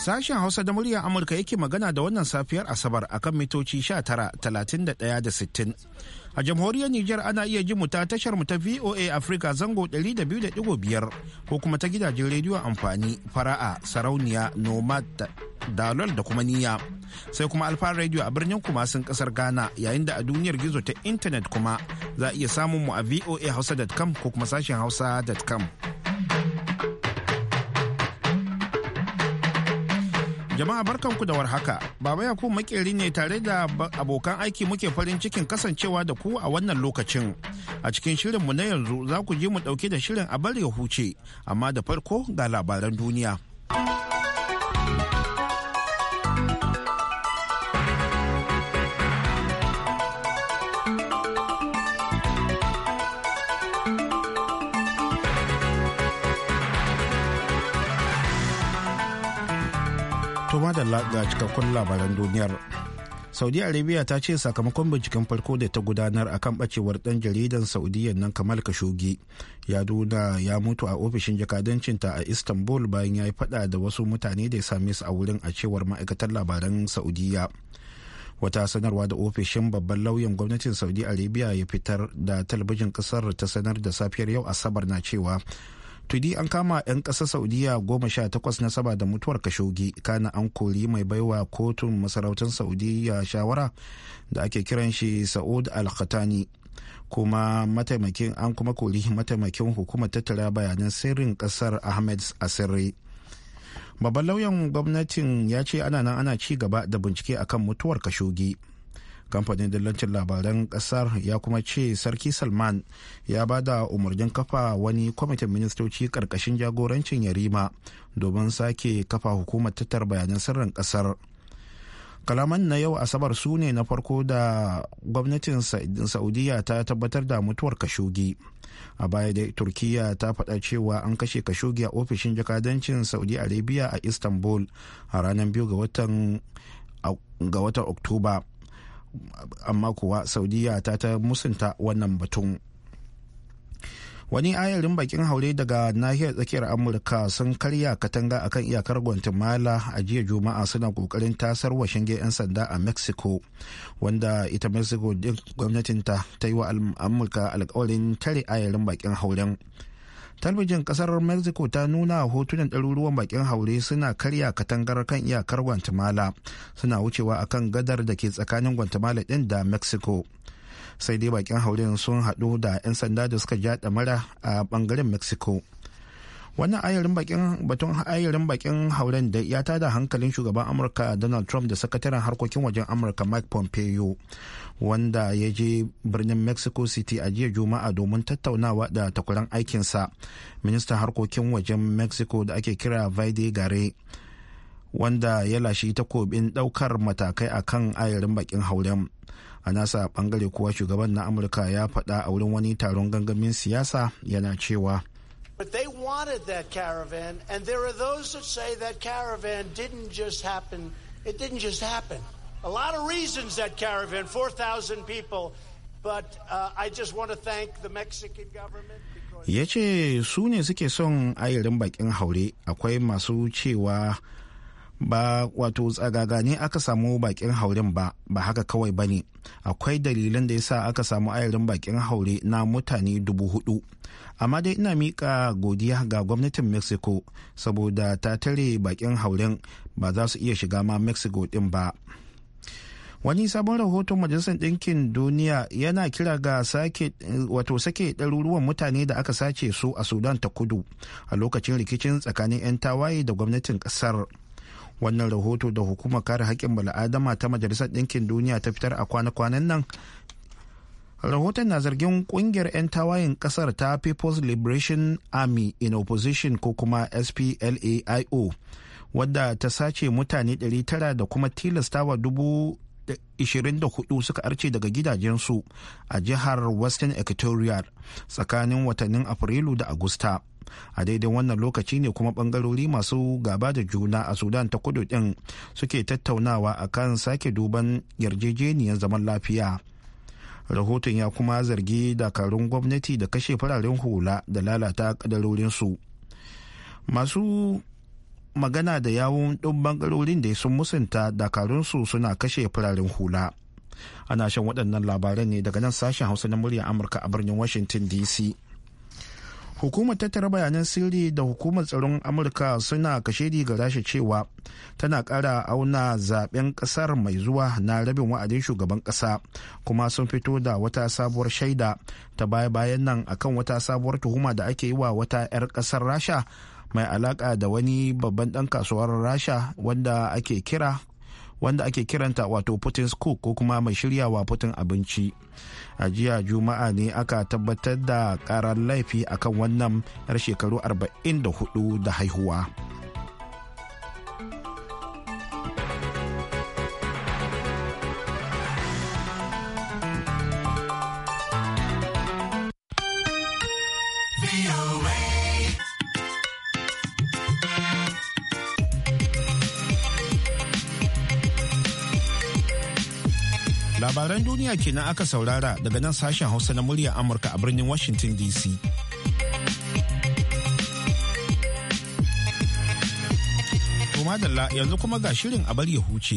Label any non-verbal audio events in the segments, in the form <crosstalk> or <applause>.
Sashen Hausa da muryar Amurka yake magana da wannan safiyar Asabar a kan mitoci 19,31 da sittin A jamhuriyar Nijar ana iya ji ta tashar mu ta VOA Africa zango 200.5 ko kuma ta gidajen rediyo amfani fara'a sarauniya nomad dalol da kuma niyya. Sai kuma alfa radio a birnin kumasin kasar Ghana yayin da a duniyar gizo ta intanet kuma za a iya samun mu a VOA voahausa.com ko kuma sashen hausa.com. Jama'a barkanku da warhaka. Baba Yakubu makeri ne tare da abokan aiki muke farin cikin kasancewa da ku a wannan lokacin. A cikin shirin mu na yanzu za ku ji mu dauke da shirin a bari ya huce, amma da farko ga labaran duniya. To da ga cikakkun labaran duniyar. saudi arabia ta ce sakamakon binciken farko da ta gudanar a kan bacewar dan jaridan saudiyan nan kamal kashogi ya duna ya mutu a ofishin jakadancinta a istanbul bayan ya yi fada da wasu mutane da ya same su a wurin a cewar ma'aikatar labaran saudiya wata sanarwa da ofishin babban lauyan gwamnatin saudi arabia ya fitar da talabijin kasar ta sanar da safiyar yau asabar na cewa Tudi an kama 'yan ƙasar Saudiya goma sha takwas na saba da mutuwar kashogi kana an kori mai baiwa kotun masarautar Saudiya shawara da ake kiran shi Sa'ud Al-Khatani. kuma mataimakin an kuma kori mataimakin hukumar tattara bayanan sirrin ƙasar ahmed asirri babban lauyan gwamnatin ya ce ana nan ana ci gaba da bincike akan mutuwar kashogi kamfanin dillancin labaran kasar ya kuma ce sarki salman ya ba da umarnin kafa wani kwamitin ministoci karkashin jagorancin yarima domin sake kafa hukumar tattar bayanan sirrin kasar kalaman na yau asabar su ne na farko da gwamnatin saudiya ta tabbatar da mutuwar kashogi a baya da turkiya ta faɗa cewa an kashe kashogi a ofishin jakadancin saudi arabia a istanbul a ranar biyu ga watan oktoba amma kuwa saudiya ta ta musunta wannan batun wani ayarin bakin haure daga nahiyar tsakiyar amurka sun karya katanga akan iyakar guatemala a jiya juma'a suna kokarin tasar wa shinge 'yan sanda a mexico wanda ita mexico din gwamnatinta ta yi wa amurka alkawarin tare ayarin bakin hauren talbijin kasar mexico ta nuna hotunan ɗaruruwan bakin haure suna karya katangar kan iyakar guatemala suna wucewa akan gadar da ke tsakanin guatemala ɗin da mexico sai dai bakin hauren sun haɗu da 'yan sanda da suka ja mara a ɓangaren mexico wannan ayarin bakin batun ayarin bakin hauren da ya tada hankalin shugaban amurka donald trump da sakataren harkokin wajen amurka mike pompeo wanda ya je birnin mexico city a jiya juma'a domin tattaunawa da takwaran aikinsa ministan harkokin wajen mexico da ake kira vaide gare wanda ya lashe takobin daukar matakai akan kan ayarin bakin hauren a nasa bangare kuwa shugaban na amurka ya faɗa a wurin wani taron gangamin siyasa yana cewa But they wanted that caravan, and there are those that say that caravan didn't just happen. It didn't just happen. A lot of reasons that caravan, 4,000 people, but uh, I just want to thank the Mexican government. Ya ce su ne suke son ayarin bakin haure akwai masu cewa ba wato tsagaga ne aka samu bakin haurin ba ba haka kawai ba ne akwai dalilan da ya sa aka samu ayarin bakin haure na mutane dubu hudu amma dai ina miƙa godiya ga gwamnatin mexico saboda ta tare bakin hauren ba za su iya shiga ma mexico din ba wani sabon rahoton majalisar ɗinkin duniya yana kira ga sake wato sake ɗaruruwan mutane da aka sace su a sudan ta kudu a lokacin rikicin tsakanin 'yan tawaye da gwamnatin ƙasar wannan rahoto da hukumar kare haƙƙin bala'adama ta majalisar ɗinkin duniya ta fitar a kwana-kwanan nan rahoton na zargin ƙungiyar 'yan tawayen ƙasar ta people's liberation army in opposition ko kuma splaio wadda ta sace mutane 900 da kuma tilastawa 24 suka arce daga gidajensu a jihar western equatoria tsakanin watannin afrilu da agusta a daidai wannan lokaci ne kuma bangarori masu gaba da juna a sudan ta kudu din suke tattaunawa akan sake duban yarjejeniyar zaman lafiya rahoton ya kuma zargi dakarun gwamnati da kashe fararen hula da lalata kadarorinsu masu magana da yawun ɗin bangarorin da sun musanta dakarunsu suna kashe fararen hula ana shan waɗannan labaran ne daga nan sashen hausa na muryar amurka a birnin washington dc hukumar tattara bayanan sirri da hukumar tsaron amurka suna kashe ga rasha cewa tana kara auna zaben kasar mai zuwa na rabin wa'adin shugaban kasa kuma sun fito da wata sabuwar shaida ta baya bayan nan akan wata sabuwar tuhuma da ake yi wa wata 'yar kasar rasha mai alaka da wani babban dan kasuwar rasha wanda ake kira wanda ake kiranta wato putin's cook ko kuma mai shiryawa putin abinci a jiya juma'a ne aka tabbatar da karar laifi akan wannan yar shekaru 44 da haihuwa labaran duniya kenan aka saurara daga nan sashen hausa na muryar amurka a birnin washington dc madalla yanzu kuma ga shirin a bar ya huce.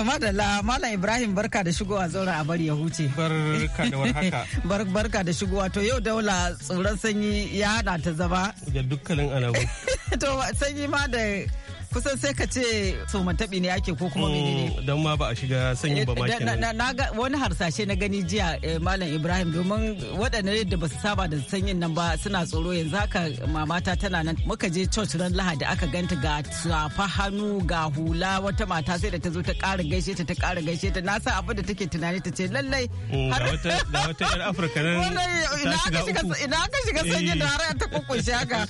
kama <laughs> da la Malam Ibrahim barka da shigowa zaura a bari ya huce. Barka da warhaka. <laughs> Barka da shigowa to yau daula tsoron sanyi ya hada ta zama. Da dukkanin alamu. <laughs> To sanyi ma da kusan sai ka ce somataɓi ne ake ko kuma menene mm, don ma ba a shiga sanyin ba maki eh, na wani harsashe na gani jiya eh, malam ibrahim domin waɗanda yadda ba su saba da sanyin nan ba suna tsoro yanzu haka mamata tana nan muka je church ran lahadi aka ganta ga safa hannu ga hula wata mata sai da ta zo ta ƙara gaishe ta ta ƙara gaishe ta na san abin da take tunani ta ce lallai mm, har da wata yar afirka nan shiga ina aka shiga sanyin da har ta kukushe haka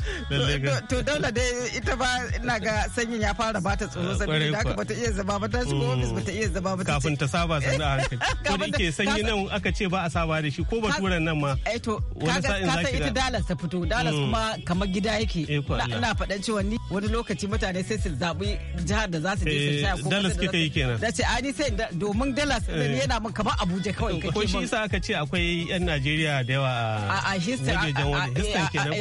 <laughs> to dole dai ita ba ina ga sanyin abin ya fara bata tsoro da aka bata iya zaba ba ta shigo office bata iya zaba ba kafin ta saba sannan a hankali <laughs> ko da ke sanyi nan aka ce ba a saba da shi ko baturan nan ma eh to kaga ka san ita dalas ta fito dalas mm. kuma kamar gida yake eh ina faɗan cewa ni wani lokaci mutane sai su zabi jihar da za su je su tsaya eh, ko dalas kika yi kenan da ce ani sai domin dalas din eh. yana min kamar Abuja kawai kake ko shi yasa aka ce akwai yan Najeriya da yawa a a Houston a Houston kenan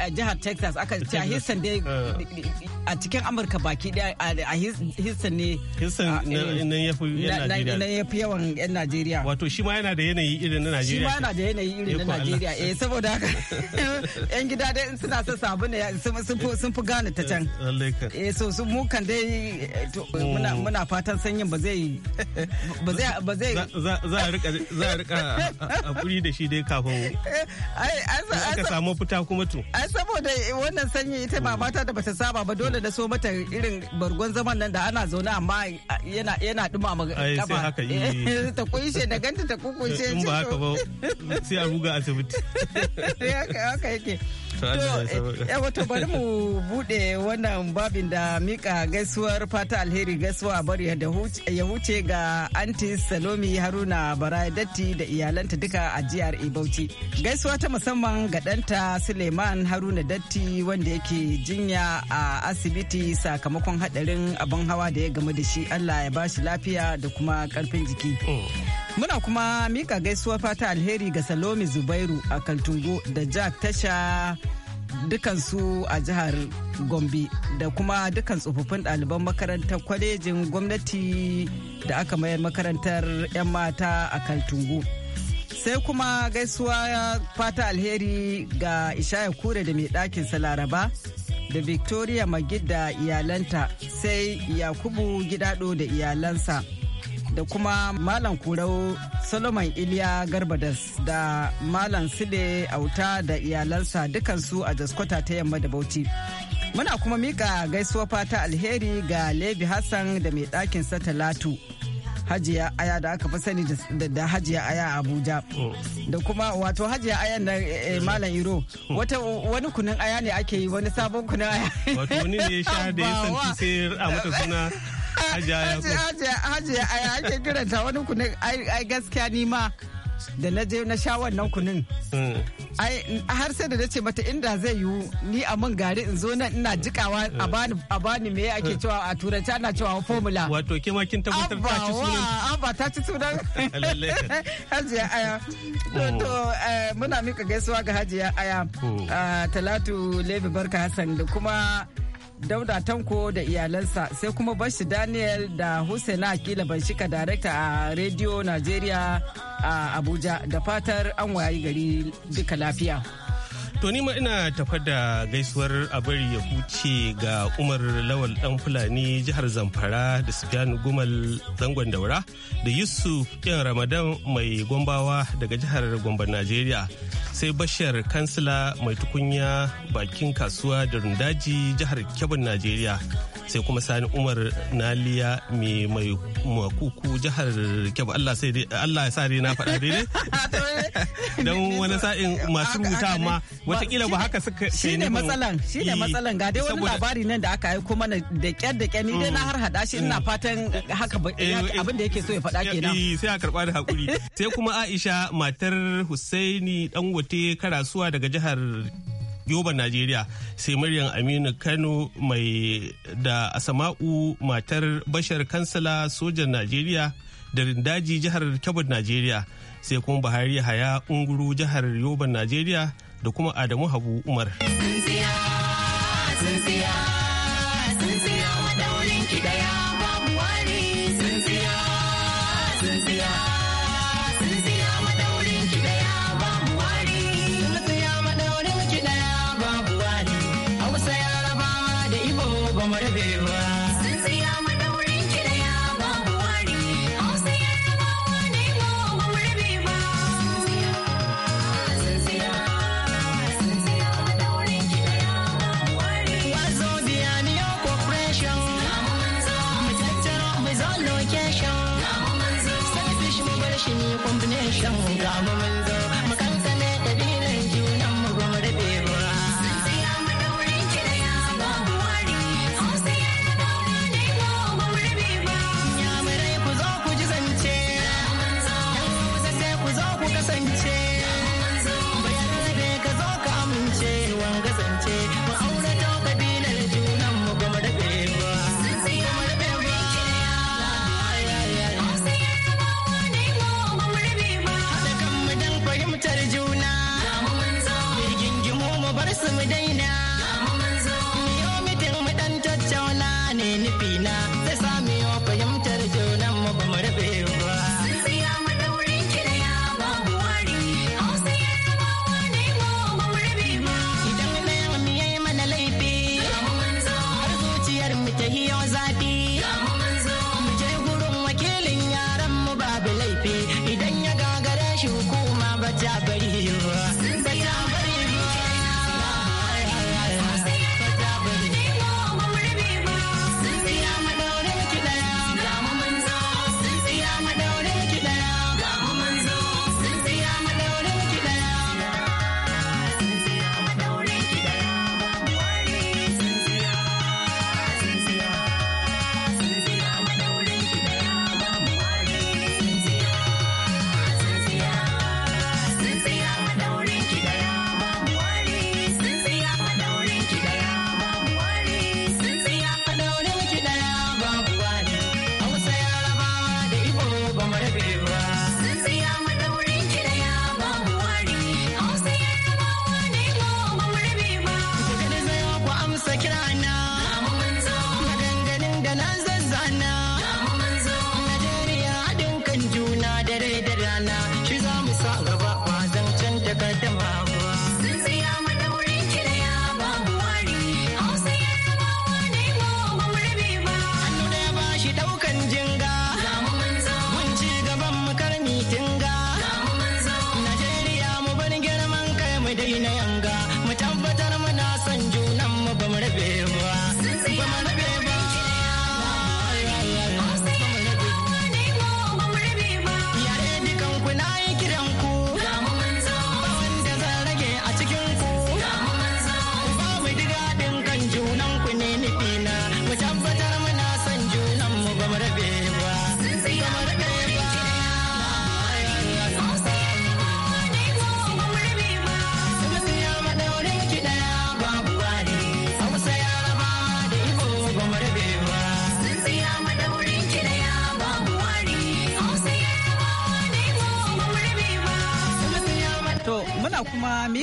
a jihar Texas aka ce a Houston dai a cikin amurka baki daya a houston ne houston nan ya fi yawan yan najeriya wato shi ma yana da yanayi irin na najeriya shi ma yana da yanayi irin na najeriya eh saboda haka <laughs> yan gida dai suna son sabu ne sun fi gane ta can eh so su mu kan dai eh, eh, mm. muna fatan sanyin ba zai ba zai za a rika za a rika hakuri da shi dai kafin <laughs> aka samu fita kuma to ai saboda wannan sanyi ita ba mm. mata da bata saba ba dole da so mata fahimtar irin bargon zaman nan da ana zaune amma yana yana dumama kafa sai haka yi eh, ta kunshe da ganta ta kunshe in ba haka ba sai a ruga asibiti sai <laughs> haka haka yake Eh, eh, wato bari mu bude wannan babin da mika gaisuwar fata alheri gaisuwa bari ya huce ga anti salomi haruna bara datti da iyalanta duka a jihar ibauchi gaisuwa ta musamman ga ɗanta suleiman haruna datti wanda yake jinya a asibiti sakamakon hadarin abin hawa da ya game da shi allah ya bashi lafiya da kuma karfin jiki oh. muna kuma mika gaisuwar fata alheri ga salomi zubairu a kaltungo da jack tasha dukansu a jihar gombe da kuma dukan tsofaffin ɗaliban makarantar kwalejin gwamnati da aka mayar makarantar 'yan mata a kaltungu sai kuma gaisuwa fata alheri ga ishaya kure da mai ɗakinsa laraba da victoria magid iyalanta sai yakubu gidado da iyalansa da kuma Malam Kurau Solomon Iliya Garbadas da Malam Sule Auta da iyalansa dukansu a Jaskwata ta yamma da Bauchi. Muna kuma mika gaisuwa fata alheri ga Lebi Hassan da mai ɗakin Talatu. Hajiya Aya da aka fi sani da Hajiya Aya a Abuja. Oh. Da kuma wato Hajiya Aya na eh, eh, Malam Iro. Oh. Wata wani kunin aya ne ake yi wani sabon kunin aya. Wato wani ne ya sha da ya santi <laughs> sai a mata suna Hajiya aya ake kiranta wani kunin ai gaskiya ni ma da na je na sha wannan kunin. Hmm. Ai har sai da na ce mata inda zai yiwu ni a man gari in zo nan ina jikawa a hmm. bani a bani me ake hmm. cewa a turanci ana cewa formula. Wato ke ma kin tabbatar ta ci sunan. ba ta ci sunan. <laughs> <laughs> Hajiya Aya. To eh, muna mika gaisuwa ga Hajiya Aya. Ah, Talatu Lebi Barka Hassan da kuma Dauda Tanko da iyalansa sai kuma Bashi Daniel da Husaina Akila Banshika darekta a Radio Najeriya a Abuja da fatar an wayi gari duka lafiya. To ma ina tafa da gaisuwar abar ya huce ga Umar Lawal ɗan Fulani jihar Zamfara da Sufyan Gumal zangon daura da Yusuf yan Ramadan mai gombawa daga jihar Gombe Najeriya sai Bashar Kansila mai tukunya bakin kasuwa da rundaji jihar Kebbi Najeriya sai kuma Sani Umar Naliya mai mai makuku jihar Kebbi Allah sai Allah ya sa na faɗa daidai <laughs> eh. <laughs> don wani sa'in masu rubuta ma watakila ba haka suka shi ne matsalan shi ne eh, matsalan ga dai wani labari nan da aka yi kuma mana da kyar da kyar ni dai na har hada shi ina mm. fatan haka eh, eh, abin da yake so ya faɗa kenan sai a karɓa da hakuri <laughs> sai kuma Aisha matar Husaini wate Karasuwa daga jihar Yoba Najeriya sai Maryam Aminu Kano mai da Asama'u matar Bashar Kansala sojan Najeriya da Rindaji jihar Kebbi Najeriya sai kuma Buhari Haya Unguru jihar Yoban Najeriya da kuma Adamu Habu Umar.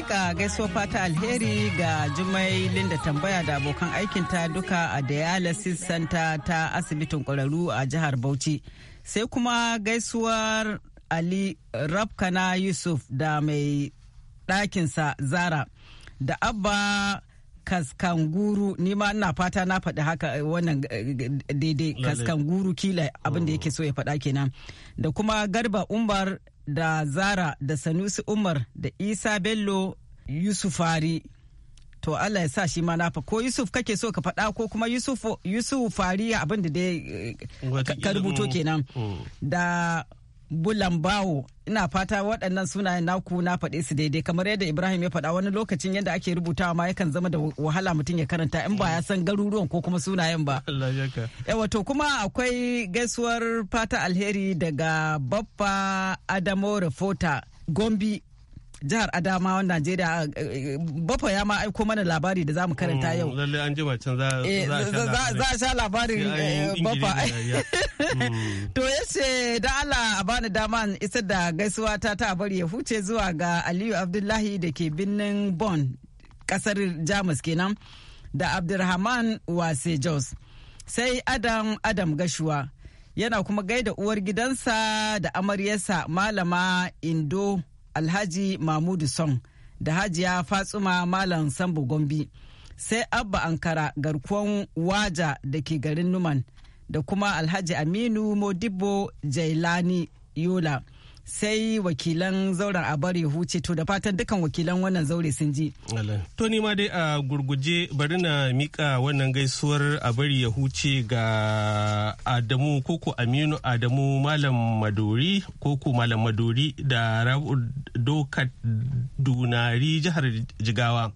mika gaisuwa fata alheri ga Jumai Linda tambaya da abokan aikinta duka a dialysis center ta asibitin kwararru a jihar Bauchi. Sai kuma gaisuwar Ali Rabkana Yusuf da mai ɗakinsa Zara da Abba kaskanguru ni ma ina fata na faɗi haka eh, wannan eh, eh, daidai kaskanguru kila abin da yake so ya faɗa kenan da kuma garba umbar da zara da sanusi umar da isa bello yusufari to allah ya sa shi ma nafa ko yusuf kake so ka faɗa ko kuma yusuf yusufari abinda da ya eh, ka rubuto kenan mm. da bulambawo ina fata waɗannan sunayen naku na faɗe su daidai kamar yadda ibrahim ya faɗa wani lokacin yadda ake rubutawa ma yakan zama da wahala mutum ya karanta in ba ya san garuruwan ko kuma sunayen ba wato to kuma akwai gaisuwar fata alheri daga baffa adamo refota gombi jihar Adamawa Najeriya eh, eh, bafa ya ma aiko mana labari da zamu karanta mm, yau. Lalle an jima can za a eh, sha labarin bafa. <laughs> Mm. To yace da Allah a bani dama isa da gaisuwa ta ta bari ya huce zuwa ga Aliyu Abdullahi da ke birnin Bon kasar Jamus kenan da Abdulrahman Wase Jos. Sai Adam Adam Gashuwa yana kuma gaida uwar gidansa da amaryarsa Malama Indo alhaji mahmudu Son da hajiya fatsuma malam sambo gombi sai abba ankara garkuwan waja da ke garin numan da kuma alhaji aminu Modibo jailani yola sai wakilan zauren a bari huce to da fatan dukan wakilan wannan zaure sun ji. To nima ma dai a gurguje bari na mika wannan gaisuwar a bari ya huce ga Adamu koko Aminu Adamu Malam Madori koko Malam Madori da Rabu doka Dunari jihar Jigawa.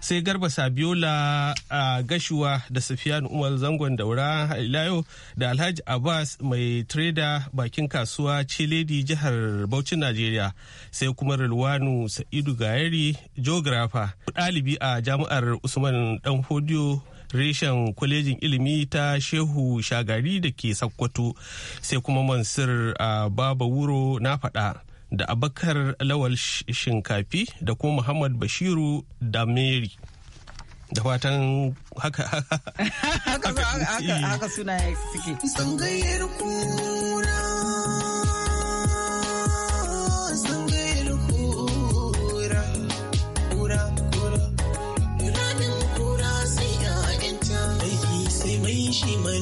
Sai Garba Sabiola a Gashuwa da Sufiyan Umar Zangon Daura Ilayo da Alhaji Abbas mai trader bakin kasuwa Ciledi jihar Bauchin Najeriya sai kuma Rilwanu Sa'idu Gayari Geographer ɗalibi a jami'ar Usman dan Danfodiyo reshen kwalejin ilimi ta Shehu Shagari da ke Sakkwato sai kuma Mansur Baba Wuro na faɗa da Abakar Lawal Shinkafi da kuma Muhammad Bashiru Dameri. da fatan haka <laughs> haka haka haka suna suke.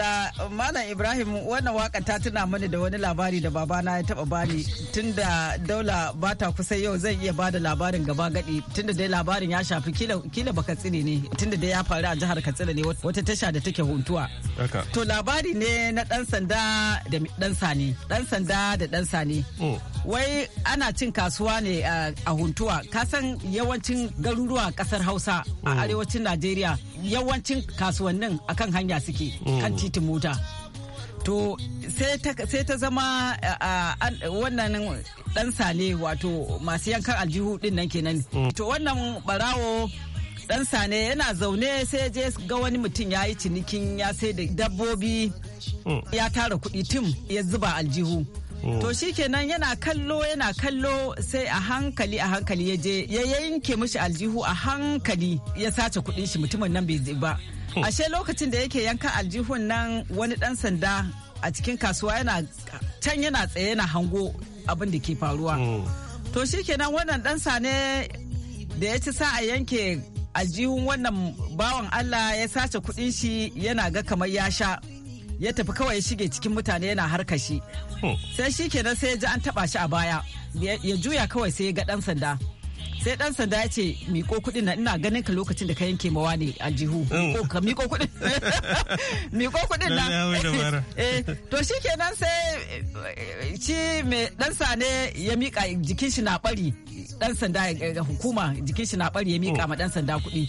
madalla malam ibrahim wannan waka ta tuna mani da wani labari da babana ya taba bani tunda daula ba ta kusa yau zan iya bada labarin gaba gadi tunda dai labarin ya shafi kila baka tsine ne tunda dai ya faru a jihar katsina ne wata tasha da take huntuwa to labari ne na dan sanda da dan sani dan sanda da dan sani oh. wai ana cin kasuwa ne eh, a huntuwa kasan yawancin garuruwa a kasar hausa a mm. arewacin najeriya yawancin kasuwannin akan hanya suke mm. kan titin mota to sai ta zama eh, eh, wannan dan sane wato masu yankan aljihu din nan kenan mm. to wannan barawo dan sane yana zaune sai je ga wani mutum ya yi cinikin ya sai da dabbobi ya tara kuɗi tim ya zuba aljihu to mm. shi kenan yana kallo yana kallo sai a hankali a hankali ya je ya yanke mishi aljihu a hankali ya sace kuɗin shi mutumin nan bai ba hmm. ashe lokacin da yake yanka aljihun nan wani dan sanda a cikin kasuwa yana can yana tsaye yana hango abin da ke faruwa hmm. to shi kenan wannan dan sane da ya ci a yanke aljihun wannan bawan Allah ya sace kuɗin shi yana ga kamar ya sha ya tafi kawai ya shige cikin mutane yana harka shi oh. sai shi kenan sai ya ji an taba shi a baya ya juya kawai sai ya ga dan sanda sai dan sanda ya ce miko kudin na ina ganin ka lokacin da ka yanke mawa ne aljihu oh. ka miko kudin miko kudin na to shikenan sai eh, shi mai dan sane ya mika jikin shi na bari dan sanda eh, hukuma jikin shi na bari ya mika ma dan sanda kudi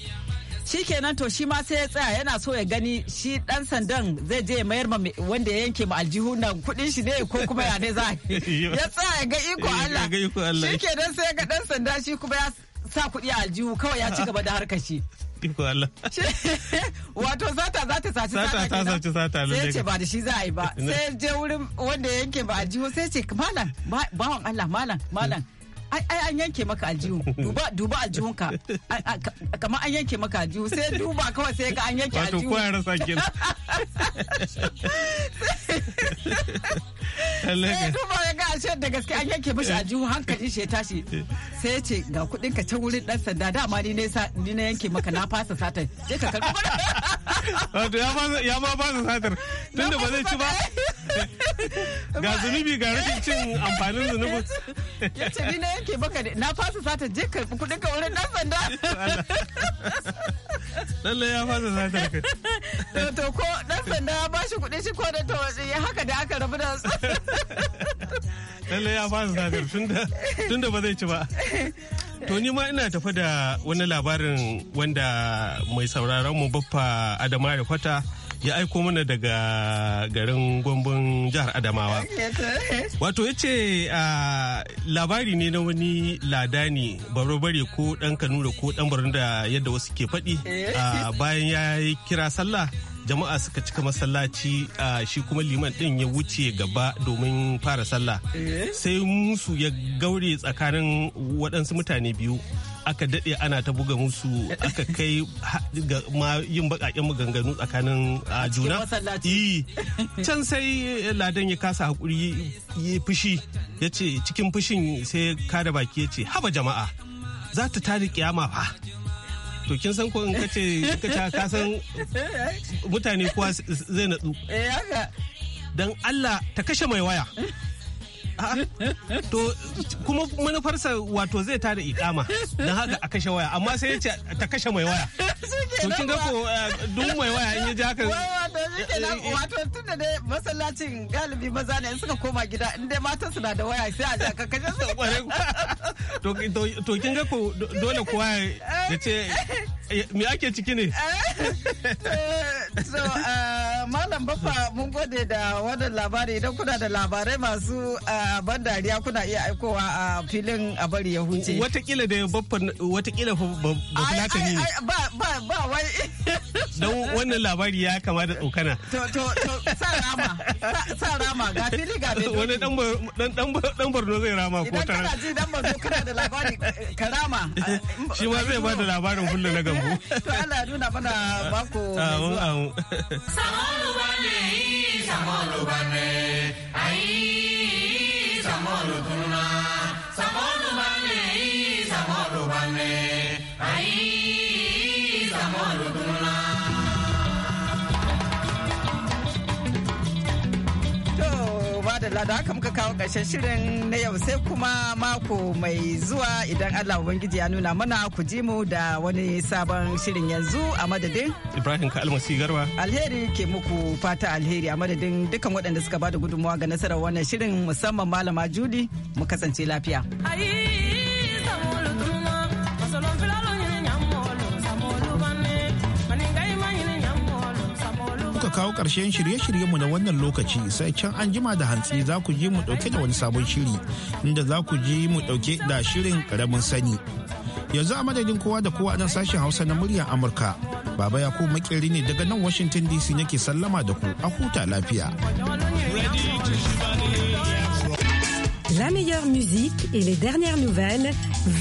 shikenan to shi ma sai ya tsaya yana so ya gani shi dan sandan zai je mayar ma wanda ya yanke ma aljihu nan kudin shi ne ko kuma ya ne za <laughs> ya tsaya ya ga iko Allah shikenan sai ya ga dan sanda shi kuma ya sa kudi a aljihu kawai ya ci gaba da harkar shi iko Allah. <laughs> Wato sata za ta saci sata ta saci sata ne Sai ce ba da shi za a yi ba. <laughs> Sai je wurin wanda yanke ba aljihu sai ce malam bawan Allah malam malam. ai an yanke maka aljihu duba duba aljihunka kamar an yanke maka aljihu sai duba kawai sai ga an yanke aljihu wato koyar rasa kenan sai duba ya ga ashe da gaske an yanke mashi aljihu hankali shi ya tashi sai ce ga kudin ka ta wurin dan sanda dama ni ne ni na yanke maka na fasa satar je ka karbi wato ya ma ba satar tunda ba zai ci ba ga zunubi ga rashin cin amfanin <laughs> zunubi ya ce ni na yanke baka na fasa sata je karɓi kuɗin ka wurin dan sanda <laughs> lalle ya fasa sata ka to ko dan sanda ya bashi kuɗi shi ko da tawaje eh, ya haka da aka rabu da su lalle ya fasa sata tunda ba zai ci ba To ni ma ina tafi da wani labarin wanda mai sauraron mu baffa Adama da kwata ya aiko mana daga garin gombin jihar adamawa wato ya ce labari ne na wani ladani barobare ko dan kanura ko dan barna da yadda wasu ke faɗi eh. bayan ya yi kira sallah jama'a suka cika masallaci shi kuma liman din ya wuce gaba domin fara sallah eh. sai musu ya gaure tsakanin waɗansu mutane biyu aka daɗe ana ta buga musu aka kai ga ma yin baƙaƙen maganganu tsakanin juna can sai eh, ladan ya kasa haƙuri ya fushi ya ce cikin fushin sai kada baki ya ce haba jama'a za ta tari kiyama fa to kin san ko in ka ce ka kasan mutane kuwa zai natsu eh, don Allah ta kashe mai waya to kuma manufarsa wato zai ta da ikama don haka a kashe waya amma sai yace ce ta kashe mai waya to kin ga ko eh, duk mai waya in ya ji haka eh, eh, wato tunda dai masallacin galibi maza ne suka koma gida in dai matan na da waya sai a ji kashe su <laughs> to kin ga ko dole kowa ya ce me ake ciki ne <laughs> Malam Baffa mun gode da wannan labari idan kuna da labarai masu ban dariya kuna iya aikowa a filin a bari ya huce. Watakila da Baffa watakila ba fulata ne. Ba wai <laughs> don wannan labari ya kama da tsokana to to to sa rama sa rama ga fili ga fili wani dan barno zai rama ko ta idan kana ji dan barno kana da labari ka rama shi ma zai ba da labarin kullu na gambo to Allah ya nuna mana bako awun awun samolu bane samolu bane ayi samolu kunna samolu bane samolu bane ayi samolu kunna madalla da haka muka kawo ƙarshen shirin na yau sai kuma mako mai zuwa idan Allah Ubangiji ya nuna mana ku ji mu da wani sabon shirin yanzu a madadin. Ibrahim ka almasi garba. Alheri ke muku fata alheri a madadin dukkan waɗanda suka da gudunmawa ga nasarar wannan shirin musamman malama Judy mu kasance lafiya. Ayi. kawo karshen shirye-shiryenmu na wannan lokaci sai can an jima da hantsi za ku ji mu ɗauke da wani sabon shiri inda za ku ji mu ɗauke da shirin ƙaramin sani. Yanzu a madadin kowa da kowa nan sashen Hausa na muryar Amurka. Baba ya ku makeri ne daga nan Washington DC nake sallama da ku a huta lafiya. La meilleure musique et les dernières nouvelles